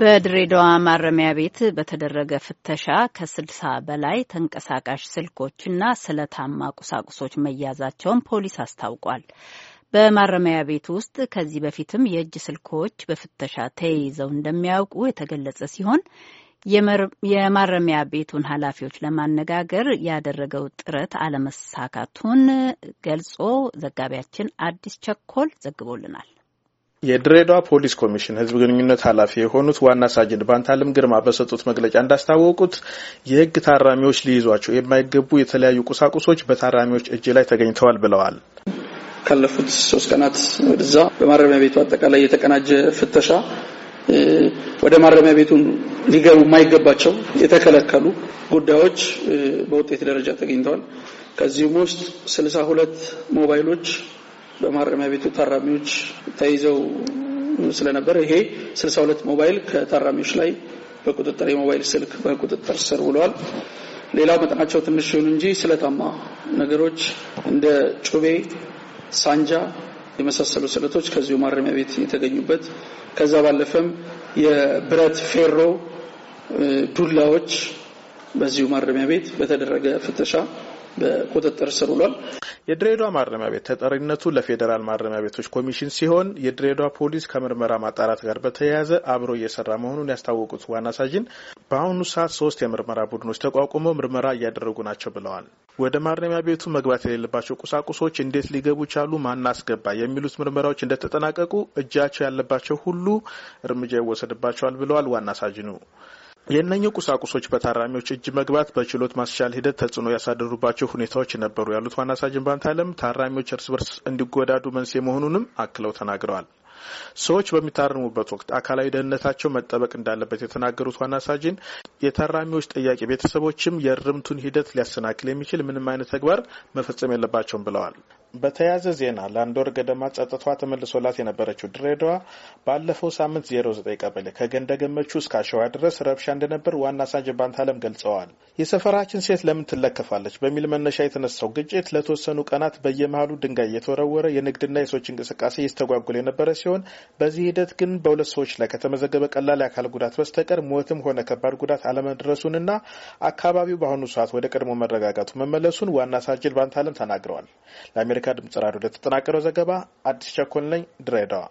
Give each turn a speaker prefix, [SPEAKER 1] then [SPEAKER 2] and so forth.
[SPEAKER 1] በድሬዳዋ ማረሚያ ቤት በተደረገ ፍተሻ ከስድሳ በላይ ተንቀሳቃሽ ስልኮችና ስለታማ ቁሳቁሶች መያዛቸውን ፖሊስ አስታውቋል። በማረሚያ ቤት ውስጥ ከዚህ በፊትም የእጅ ስልኮች በፍተሻ ተይዘው እንደሚያውቁ የተገለጸ ሲሆን የማረሚያ ቤቱን ኃላፊዎች ለማነጋገር ያደረገው ጥረት አለመሳካቱን ገልጾ ዘጋቢያችን አዲስ ቸኮል ዘግቦልናል።
[SPEAKER 2] የድሬዳዋ ፖሊስ ኮሚሽን ህዝብ ግንኙነት ኃላፊ የሆኑት ዋና ሳጅን ባንታለም ግርማ በሰጡት መግለጫ እንዳስታወቁት የህግ ታራሚዎች ሊይዟቸው የማይገቡ የተለያዩ ቁሳቁሶች በታራሚዎች እጅ ላይ ተገኝተዋል ብለዋል።
[SPEAKER 3] ካለፉት ሶስት ቀናት ወደዛ በማረሚያ ቤቱ አጠቃላይ የተቀናጀ ፍተሻ ወደ ማረሚያ ቤቱ ሊገቡ የማይገባቸው የተከለከሉ ጉዳዮች በውጤት ደረጃ ተገኝተዋል። ከዚህም ውስጥ ስልሳ ሁለት ሞባይሎች በማረሚያ ቤቱ ታራሚዎች ተይዘው ስለነበረ ይሄ ስልሳ ሁለት ሞባይል ከታራሚዎች ላይ በቁጥጥር የሞባይል ስልክ በቁጥጥር ስር ውለዋል። ሌላው መጠናቸው ትንሽ ይሁን እንጂ ስለታማ ነገሮች እንደ ጩቤ፣ ሳንጃ የመሳሰሉ ስለቶች ከዚሁ ማረሚያ ቤት የተገኙበት ከዛ ባለፈም የብረት ፌሮ ዱላዎች በዚሁ ማረሚያ ቤት በተደረገ ፍተሻ በቁጥጥር ስር ውሏል።
[SPEAKER 2] የድሬዳዋ ማረሚያ ቤት ተጠሪነቱ ለፌዴራል ማረሚያ ቤቶች ኮሚሽን ሲሆን የድሬዳዋ ፖሊስ ከምርመራ ማጣራት ጋር በተያያዘ አብሮ እየሰራ መሆኑን ያስታወቁት ዋና ሳጅን በአሁኑ ሰዓት ሶስት የምርመራ ቡድኖች ተቋቁመው ምርመራ እያደረጉ ናቸው ብለዋል። ወደ ማረሚያ ቤቱ መግባት የሌለባቸው ቁሳቁሶች እንዴት ሊገቡ ቻሉ፣ ማን አስገባ የሚሉት ምርመራዎች እንደተጠናቀቁ እጃቸው ያለባቸው ሁሉ እርምጃ ይወሰድባቸዋል ብለዋል ዋና ሳጅኑ። የእነኚህ ቁሳቁሶች በታራሚዎች እጅ መግባት በችሎት ማስቻል ሂደት ተጽዕኖ ያሳደሩባቸው ሁኔታዎች ነበሩ ያሉት ዋና ሳጅን ባንታለም ታራሚዎች እርስ በርስ እንዲጎዳዱ መንስኤ መሆኑንም አክለው ተናግረዋል። ሰዎች በሚታረሙበት ወቅት አካላዊ ደህንነታቸው መጠበቅ እንዳለበት የተናገሩት ዋና ሳጅን የታራሚዎች ጥያቄ ቤተሰቦችም የእርምቱን ሂደት ሊያሰናክል የሚችል ምንም አይነት ተግባር መፈጸም የለባቸውም ብለዋል። በተያያዘ ዜና ለአንድ ወር ገደማ ጸጥታዋ ተመልሶላት የነበረችው ድሬዳዋ ባለፈው ሳምንት 09 ቀበሌ ከገንደ ገመቹ እስከ አሸዋ ድረስ ረብሻ እንደነበር ዋና ሳጅን ባንታለም ገልጸዋል። የሰፈራችን ሴት ለምን ትለከፋለች በሚል መነሻ የተነሳው ግጭት ለተወሰኑ ቀናት በየመሃሉ ድንጋይ እየተወረወረ የንግድና የሰዎች እንቅስቃሴ እየተጓጉል የነበረ ሲሆን ሲሆን በዚህ ሂደት ግን በሁለት ሰዎች ላይ ከተመዘገበ ቀላል የአካል ጉዳት በስተቀር ሞትም ሆነ ከባድ ጉዳት አለመድረሱንና አካባቢው በአሁኑ ሰዓት ወደ ቀድሞ መረጋጋቱ መመለሱን ዋና ሳጅል ባንታለም ተናግረዋል። ለአሜሪካ ድምጽ ራዲዮ ለተጠናቀረው ዘገባ አዲስ ቸኮል ነኝ ድሬዳዋ።